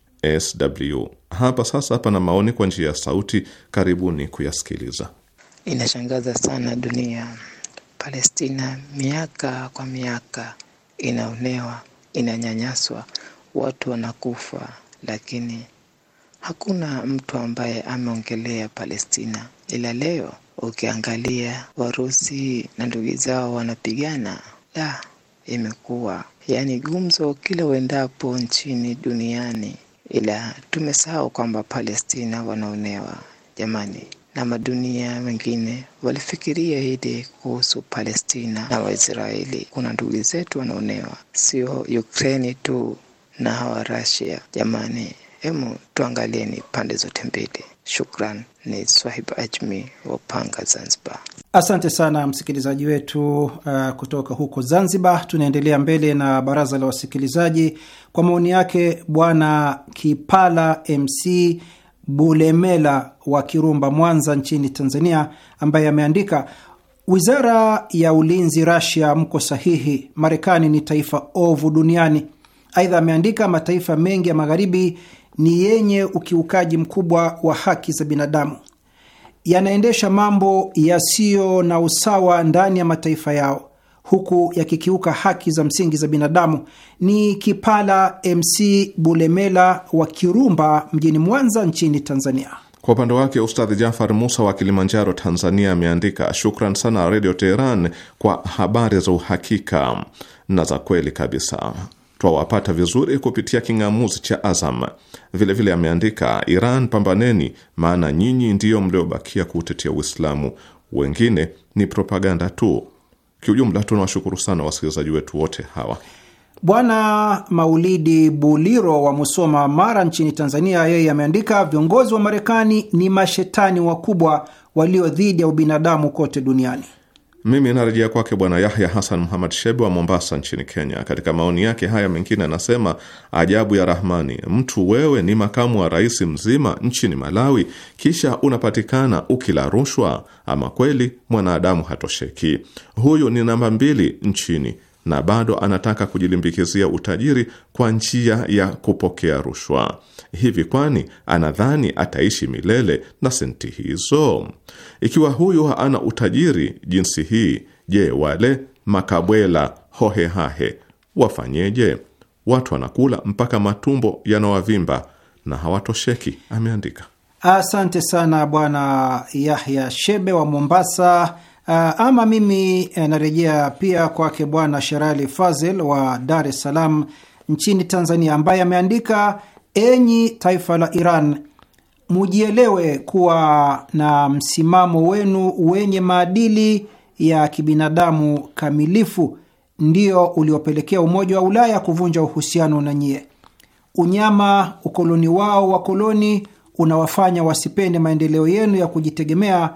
sw. Hapa sasa pana maoni kwa njia ya sauti, karibuni kuyasikiliza. Inashangaza sana dunia. Palestina miaka kwa miaka inaonewa, inanyanyaswa, watu wanakufa, lakini hakuna mtu ambaye ameongelea Palestina. Ila leo ukiangalia Warusi na ndugu zao wanapigana, la, imekuwa yani gumzo kila uendapo nchini duniani ila tumesahau kwamba Palestina wanaonewa jamani, na madunia mengine walifikiria hili kuhusu Palestina na Waisraeli. Kuna ndugu zetu wanaonewa, sio Ukraini tu na hawa Russia. Jamani, hemu tuangalieni pande zote mbili. Shukran ni Swahib Ajmi wa Zanzibar. Asante sana msikilizaji wetu uh, kutoka huko Zanzibar. Tunaendelea mbele na baraza la wasikilizaji kwa maoni yake Bwana Kipala MC Bulemela wa Kirumba, Mwanza nchini Tanzania, ambaye ameandika Wizara ya ulinzi Rasia, mko sahihi. Marekani ni taifa ovu duniani. Aidha ameandika mataifa mengi ya magharibi ni yenye ukiukaji mkubwa wa haki za binadamu. Yanaendesha mambo yasiyo na usawa ndani ya mataifa yao huku yakikiuka haki za msingi za binadamu. Ni Kipala MC Bulemela wa Kirumba mjini Mwanza nchini Tanzania. Kwa upande wake Ustadhi Jafar Musa wa Kilimanjaro, Tanzania, ameandika shukran sana Redio Teheran kwa habari za uhakika na za kweli kabisa twawapata vizuri kupitia king'amuzi cha Azam. Vilevile vile ameandika, Iran pambaneni, maana nyinyi ndiyo mliobakia kuutetea Uislamu, wengine ni propaganda tu. Kiujumla, tunawashukuru sana wasikilizaji wetu wote hawa. Bwana Maulidi Buliro wa Musoma, Mara, nchini Tanzania, yeye ameandika, viongozi wa Marekani ni mashetani wakubwa walio dhidi ya ubinadamu kote duniani. Mimi narejea kwake Bwana Yahya Hasan Muhamad Shebe wa Mombasa nchini Kenya. Katika maoni yake haya mengine anasema, ajabu ya Rahmani, mtu wewe ni makamu wa rais mzima nchini Malawi, kisha unapatikana ukila rushwa. Ama kweli mwanadamu hatosheki. Huyu ni namba mbili nchini na bado anataka kujilimbikizia utajiri kwa njia ya kupokea rushwa. Hivi kwani anadhani ataishi milele na senti hizo? Ikiwa huyu ana utajiri jinsi hii, je, wale makabwela hohehahe wafanyeje? Watu wanakula mpaka matumbo yanawavimba na hawatosheki. Ameandika. Asante sana Bwana Yahya Shebe wa Mombasa Ah, ama mimi eh, narejea pia kwake Bwana Sherali Fazel wa Dar es Salaam nchini Tanzania, ambaye ameandika: enyi taifa la Iran, mujielewe kuwa na msimamo wenu wenye maadili ya kibinadamu kamilifu ndio uliopelekea Umoja wa Ulaya kuvunja uhusiano na nyie. Unyama, ukoloni wao wa koloni unawafanya wasipende maendeleo yenu ya kujitegemea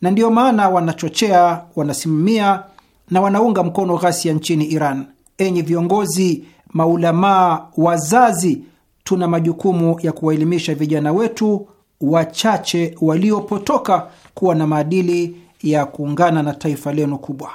na ndiyo maana wanachochea, wanasimamia na wanaunga mkono ghasia nchini Iran. Enyi viongozi, maulamaa, wazazi, tuna majukumu ya kuwaelimisha vijana wetu wachache waliopotoka kuwa na maadili ya kuungana na taifa lenu kubwa.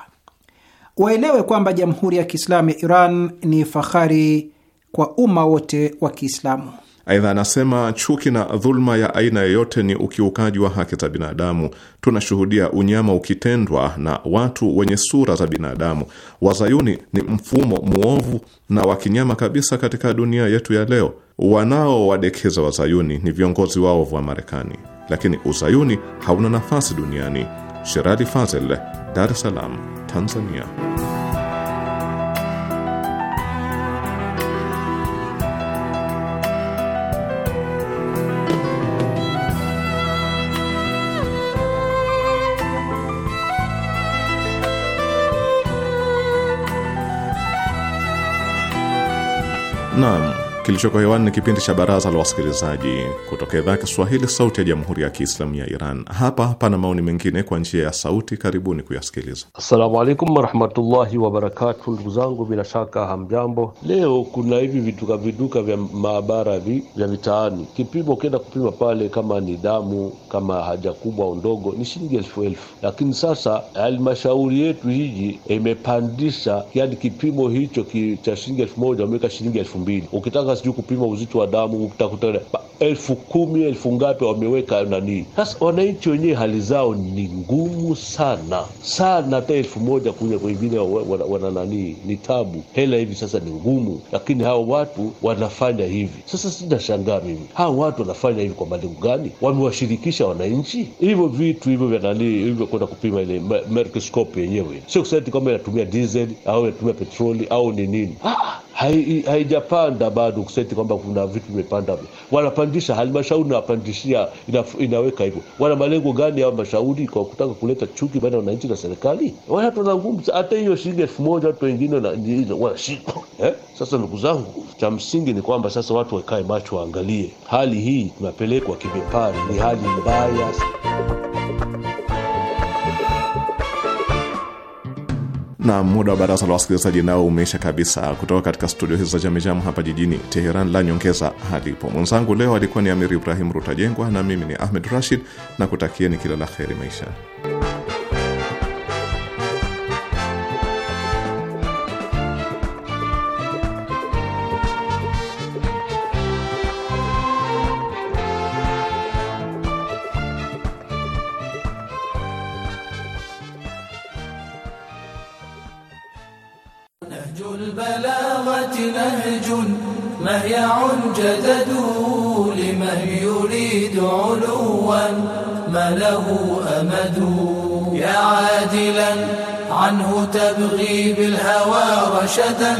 Waelewe kwamba Jamhuri ya Kiislamu ya Iran ni fahari kwa umma wote wa Kiislamu. Aidha anasema chuki na dhuluma ya aina yoyote ni ukiukaji wa haki za binadamu. Tunashuhudia unyama ukitendwa na watu wenye sura za binadamu. Wazayuni ni mfumo mwovu na wa kinyama kabisa katika dunia yetu ya leo. Wanaowadekeza wazayuni ni viongozi wao wa Marekani, lakini uzayuni hauna nafasi duniani. Sherali Fazel, Dar es Salaam, Tanzania. Naam, Kilichoko hewani ni kipindi cha Baraza la Wasikilizaji kutoka idhaa Kiswahili, Sauti ya Jamhuri ya Kiislamu ya Iran. Hapa pana maoni mengine kwa njia ya sauti, karibuni kuyasikiliza. Assalamu alaikum warahmatullahi wabarakatu. Ndugu zangu, bila shaka hamjambo. Leo kuna hivi viduka viduka vya maabara vi, vya mitaani. Kipimo ukienda kupima pale, kama ni damu, kama haja kubwa au ndogo, ni shilingi elfu elfu. Lakini sasa halmashauri yetu hiji imepandisha, yani kipimo hicho ki, cha shilingi elfu moja wameweka shilingi elfu mbili ukitaka sijui kupima uzito wa damu utakutana elfu kumi elfu ngapi wameweka nani. Sasa wananchi wenyewe hali zao ni ngumu sana sana, hata elfu moja kuja wengine wana, nanii ni tabu, hela hivi sasa ni ngumu, lakini hawa watu wanafanya hivi. Sasa sinashangaa mimi hawa watu wanafanya hivi kwa malengo gani? Wamewashirikisha wananchi hivyo vitu hivyo vya nanii hivyo kwenda kupima ile meroscope yenyewe, sio kusema kwamba inatumia diesel au inatumia petroli au ni nini, ah, haijapanda bado kuseti kwamba kuna vitu vimepanda, wanapandisha, halmashauri inapandishia, ina, inaweka hivyo. Wana malengo gani hao mashauri kwa kutaka kuleta chuki baina ya wananchi na serikali? Wanatuzungumza hata hiyo shilingi elfu moja watu wengine wanashika eh? Sasa ndugu zangu, cha msingi ni kwamba sasa watu wakae macho, waangalie hali hii tunapelekwa kibepari, ni hali mbaya. na muda wa baraza la wasikilizaji nao umeisha kabisa, kutoka katika studio hizi za Jamijamu hapa jijini Teheran. La nyongeza halipo. Mwenzangu leo alikuwa ni Amir Ibrahim Rutajengwa na mimi ni Ahmed Rashid, na kutakieni kila la kheri maisha له أمد يا عادلا عنه تبغي بالهوى رشدا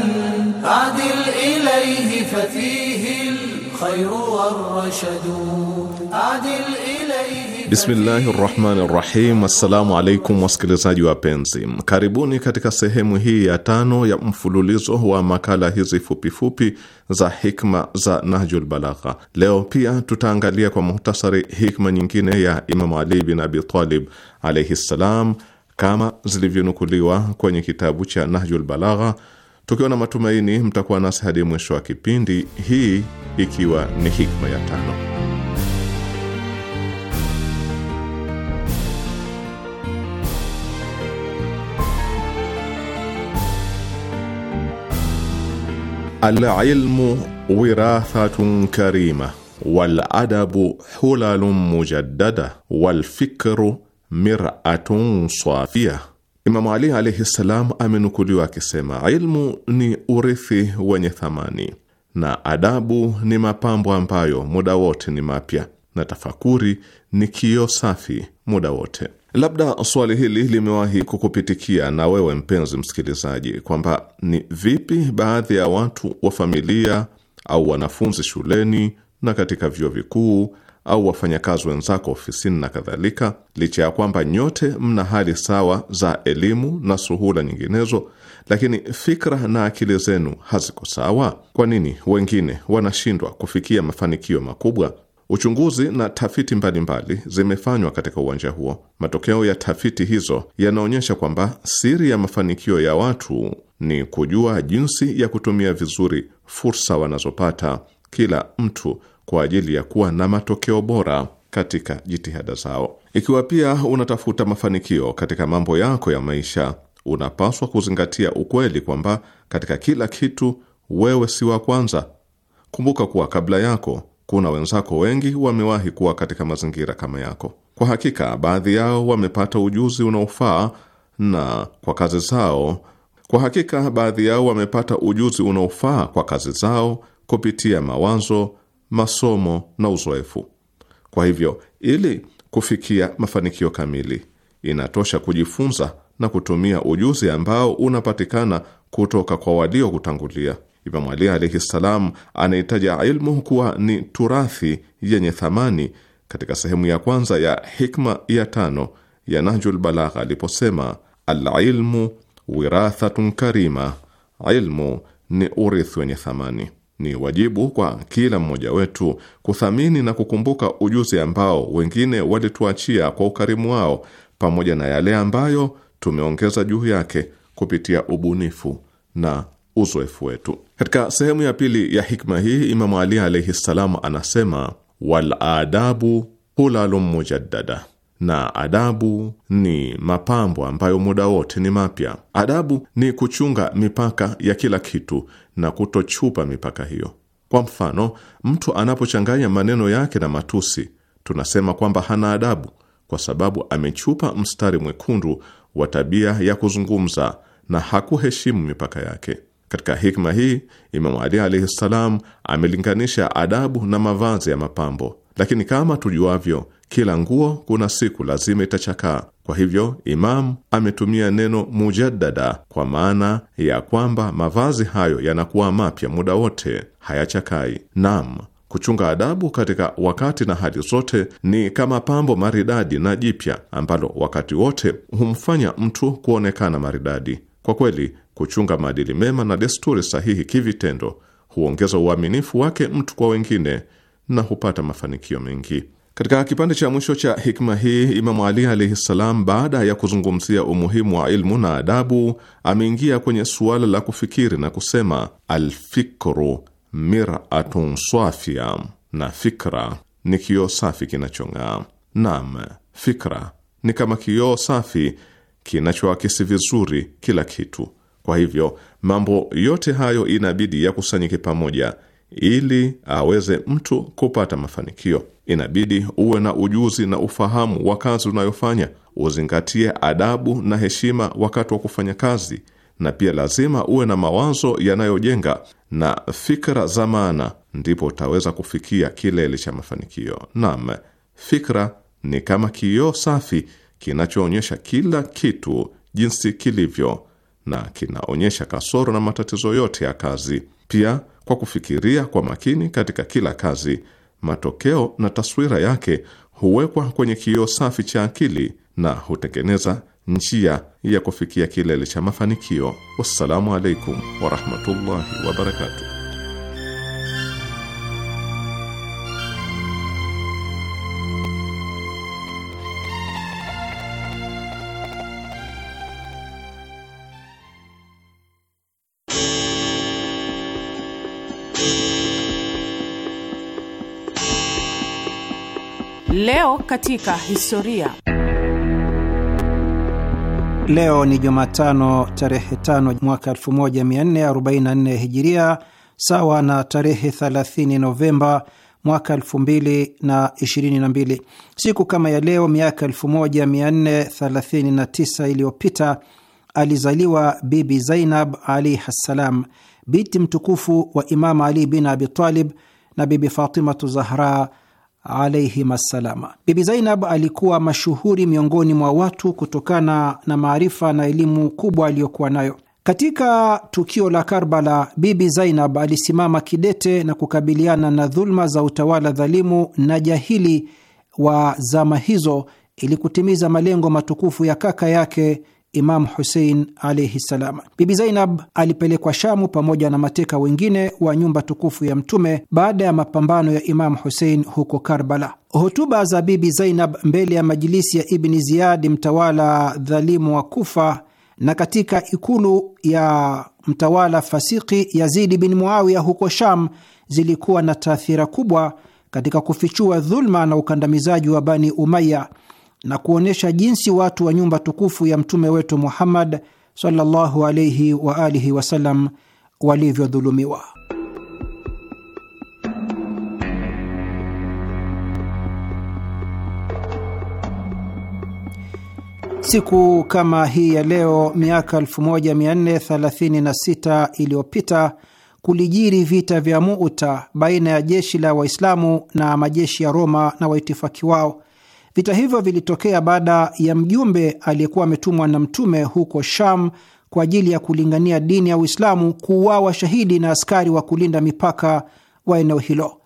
عدل إليه ففيه الخير والرشد عدل إليه Bismillahi rahmani rahim. Assalamu alaikum wasikilizaji wapenzi, karibuni katika sehemu hii ya tano ya mfululizo wa makala hizi fupifupi za hikma za Nahjul Balagha. Leo pia tutaangalia kwa muhtasari hikma nyingine ya Imamu Ali bin Abi Talib alaihi ssalam, kama zilivyonukuliwa kwenye kitabu cha Nahjul Balagha, tukiwa na matumaini mtakuwa nasi hadi mwisho wa kipindi, hii ikiwa ni hikma ya tano. Alilmu wirathatun karima waladabu hulalun mujaddada walfikru miratun swafia. Imamu Ali alaihi ssalam amenukuliwa akisema, ilmu ni urithi wenye thamani na adabu ni mapambo ambayo muda wote ni mapya na tafakuri ni kio safi muda wote. Labda swali hili limewahi kukupitikia na wewe mpenzi msikilizaji, kwamba ni vipi baadhi ya watu wa familia au wanafunzi shuleni na katika vyuo vikuu au wafanyakazi wenzako ofisini na kadhalika, licha ya kwamba nyote mna hali sawa za elimu na suhula nyinginezo, lakini fikra na akili zenu haziko sawa. Kwa nini wengine wanashindwa kufikia mafanikio makubwa Uchunguzi na tafiti mbalimbali zimefanywa katika uwanja huo. Matokeo ya tafiti hizo yanaonyesha kwamba siri ya mafanikio ya watu ni kujua jinsi ya kutumia vizuri fursa wanazopata kila mtu kwa ajili ya kuwa na matokeo bora katika jitihada zao. Ikiwa pia unatafuta mafanikio katika mambo yako ya maisha, unapaswa kuzingatia ukweli kwamba katika kila kitu wewe si wa kwanza. Kumbuka kuwa kabla yako kuna wenzako wengi wamewahi kuwa katika mazingira kama yako. Kwa hakika baadhi yao wamepata ujuzi unaofaa na kwa kazi zao. Kwa hakika baadhi yao wamepata ujuzi unaofaa kwa kazi zao kupitia mawazo, masomo na uzoefu. Kwa hivyo, ili kufikia mafanikio kamili, inatosha kujifunza na kutumia ujuzi ambao unapatikana kutoka kwa waliokutangulia. Imamu Ali alaihi ssalam anaitaja ilmu kuwa ni turathi yenye thamani katika sehemu ya kwanza ya hikma ya tano ya Nahjul Balagha aliposema: alilmu wirathatun karima, ilmu ni urithi wenye thamani. Ni wajibu kwa kila mmoja wetu kuthamini na kukumbuka ujuzi ambao wengine walituachia kwa ukarimu wao, pamoja na yale ambayo tumeongeza juu yake kupitia ubunifu na uzoefu wetu. Katika sehemu ya pili ya hikma hii, Imamu Ali alaihi ssalam anasema waladabu hulalu mujaddada, na adabu ni mapambo ambayo muda wote ni mapya. Adabu ni kuchunga mipaka ya kila kitu na kutochupa mipaka hiyo. Kwa mfano, mtu anapochanganya maneno yake na matusi, tunasema kwamba hana adabu, kwa sababu amechupa mstari mwekundu wa tabia ya kuzungumza na hakuheshimu mipaka yake. Katika hikma hii Imamu Ali alaihi ssalam amelinganisha adabu na mavazi ya mapambo, lakini kama tujuavyo, kila nguo kuna siku lazima itachakaa. Kwa hivyo, Imamu ametumia neno mujaddada kwa maana ya kwamba mavazi hayo yanakuwa mapya muda wote, hayachakai. Naam, kuchunga adabu katika wakati na hali zote ni kama pambo maridadi na jipya ambalo wakati wote humfanya mtu kuonekana maridadi. Kwa kweli Kuchunga maadili mema na desturi sahihi kivitendo huongeza uaminifu wake mtu kwa wengine na hupata mafanikio mengi. Katika kipande cha mwisho cha hikma hii, Imamu Ali alaihi ssalam, baada ya kuzungumzia umuhimu wa ilmu na adabu, ameingia kwenye suala la kufikiri na kusema, alfikru miratun swafia, na fikra ni kioo safi kinachong'aa. Nam, fikra ni kama kioo safi kinachoakisi vizuri kila kitu. Kwa hivyo mambo yote hayo inabidi yakusanyike pamoja ili aweze mtu kupata mafanikio. Inabidi uwe na ujuzi na ufahamu wa kazi unayofanya, uzingatie adabu na heshima wakati wa kufanya kazi, na pia lazima uwe na mawazo yanayojenga na fikra za maana, ndipo utaweza kufikia kilele cha mafanikio. Naam, fikra ni kama kioo safi kinachoonyesha kila kitu jinsi kilivyo na kinaonyesha kasoro na matatizo yote ya kazi. Pia kwa kufikiria kwa makini katika kila kazi, matokeo na taswira yake huwekwa kwenye kioo safi cha akili na hutengeneza njia ya kufikia kilele cha mafanikio. Wassalamu alaikum warahmatullahi wabarakatuh. Leo katika historia. Leo ni Jumatano tarehe tano mwaka 1444 Hijiria, sawa na tarehe 30 Novemba mwaka 2022. Siku kama ya leo miaka 1439 iliyopita alizaliwa Bibi Zainab alaihi ssalam, binti mtukufu wa Imamu Ali bin Abi Talib na Bibi Fatimatu Zahra alaihim assalama. Bibi Zainab alikuwa mashuhuri miongoni mwa watu kutokana na maarifa na elimu kubwa aliyokuwa nayo. Katika tukio la Karbala, Bibi Zainab alisimama kidete na kukabiliana na dhuluma za utawala dhalimu na jahili wa zama hizo ili kutimiza malengo matukufu ya kaka yake Imamu Husein alaihi ssalam. Bibi Zainab alipelekwa Shamu pamoja na mateka wengine wa nyumba tukufu ya Mtume baada ya mapambano ya Imamu Husein huko Karbala. Hotuba za Bibi Zainab mbele ya majilisi ya Ibni Ziyadi, mtawala dhalimu wa Kufa, na katika ikulu ya mtawala fasiki Yazidi bin Muawiya huko Sham zilikuwa na taathira kubwa katika kufichua dhuluma na ukandamizaji wa Bani Umaya na kuonyesha jinsi watu wa nyumba tukufu ya mtume wetu Muhammad sallallahu wa alihi wasallam walivyodhulumiwa. Siku kama hii ya leo miaka 1436 iliyopita kulijiri vita vya Muuta baina ya jeshi la Waislamu na majeshi ya Roma na waitifaki wao Vita hivyo vilitokea baada ya mjumbe aliyekuwa ametumwa na Mtume huko Sham kwa ajili ya kulingania dini ya Uislamu kuuawa shahidi na askari wa kulinda mipaka wa eneo hilo.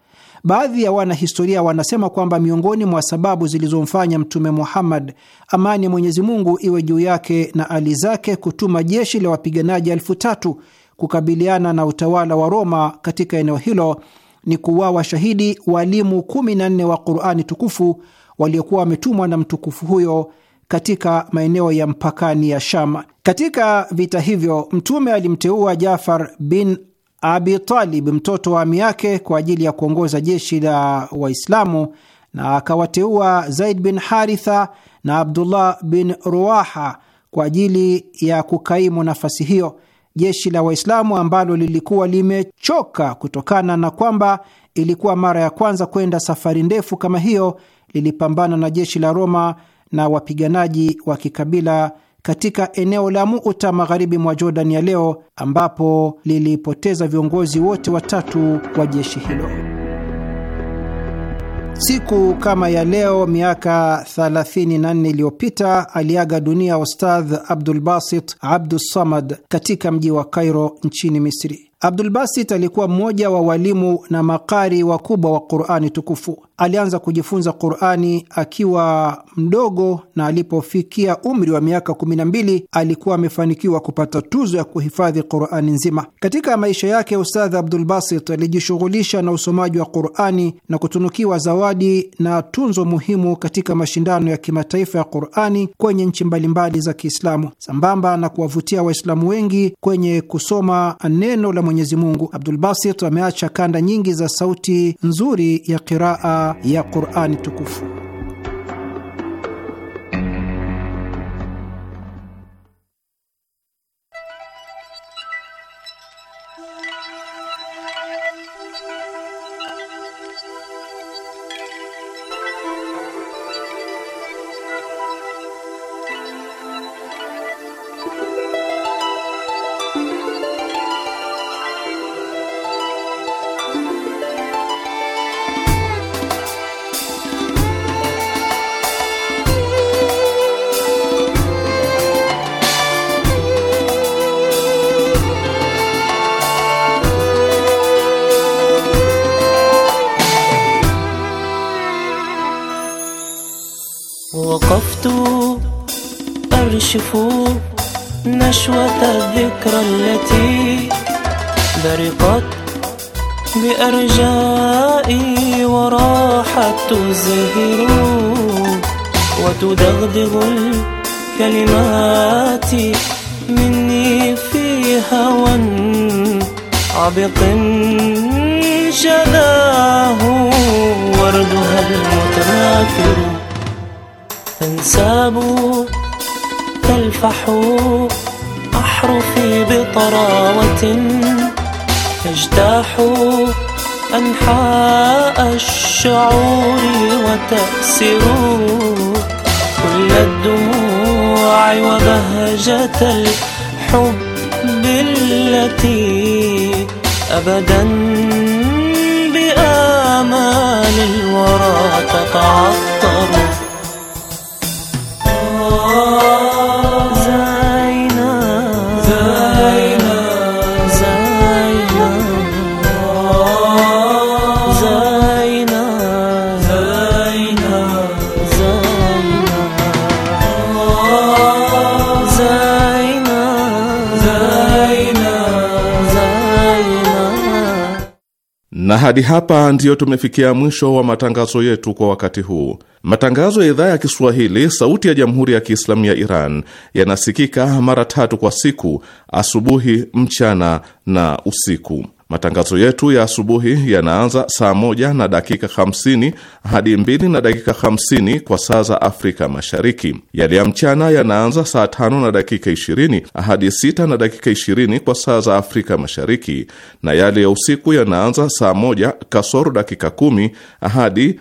Baadhi ya wanahistoria wanasema kwamba miongoni mwa sababu zilizomfanya Mtume Muhammad, amani ya Mwenyezi Mungu iwe juu yake na ali zake, kutuma jeshi la wapiganaji elfu tatu kukabiliana na utawala wa Roma katika eneo hilo ni kuuawa shahidi walimu 14 wa Qurani tukufu waliokuwa wametumwa na mtukufu huyo katika maeneo ya mpakani ya Sham. Katika vita hivyo, Mtume alimteua Jafar bin Abi Talib, mtoto wa ami yake, kwa ajili ya kuongoza jeshi la Waislamu, na akawateua Zaid bin Haritha na Abdullah bin ruaha kwa ajili ya kukaimu nafasi hiyo. Jeshi la Waislamu ambalo lilikuwa limechoka kutokana na kwamba ilikuwa mara ya kwanza kwenda safari ndefu kama hiyo lilipambana na jeshi la Roma na wapiganaji wa kikabila katika eneo la Muuta magharibi mwa Jordan ya leo, ambapo lilipoteza viongozi wote watatu wa jeshi hilo. Siku kama ya leo miaka 34 iliyopita aliaga dunia Ustadh Abdul Basit Abdus Samad katika mji wa Kairo nchini Misri. Abdulbasit alikuwa mmoja wa walimu na makari wakubwa wa Qurani tukufu. Alianza kujifunza Qurani akiwa mdogo, na alipofikia umri wa miaka kumi na mbili alikuwa amefanikiwa kupata tuzo ya kuhifadhi Qurani nzima. Katika maisha yake, Ustadh Abdulbasit alijishughulisha na usomaji wa Qurani na kutunukiwa zawadi na tunzo muhimu katika mashindano ya kimataifa ya Qurani kwenye nchi mbalimbali za Kiislamu, sambamba na kuwavutia Waislamu wengi kwenye kusoma neno la Mwenyezi Mungu. Abdul Basit ameacha kanda nyingi za sauti nzuri ya qiraa ya Qurani tukufu. وقفت أرشف نشوة الذكرى التي برقت بأرجائي وراحت تزهر وتدغدغ الكلمات مني في هوى عبق شذاه وردها المتناثر تنساب تلفح أحرفي بطراوة تجتاح أنحاء الشعور وتأسر كل الدموع وبهجة الحب التي أبدا بآمال الورى تتعطر Na hadi hapa ndiyo tumefikia mwisho wa matangazo yetu kwa wakati huu. Matangazo ya idhaa ya Kiswahili sauti ya jamhuri ya Kiislamu ya Iran yanasikika mara tatu kwa siku: asubuhi, mchana na usiku. Matangazo yetu ya asubuhi yanaanza saa moja na dakika 50 hadi 2 na dakika 50 kwa saa za Afrika Mashariki. Yale ya mchana yanaanza saa tano na dakika ishirini hadi sita na dakika ishirini kwa saa za Afrika Mashariki, na yale ya usiku yanaanza saa moja kasoro dakika kumi hadi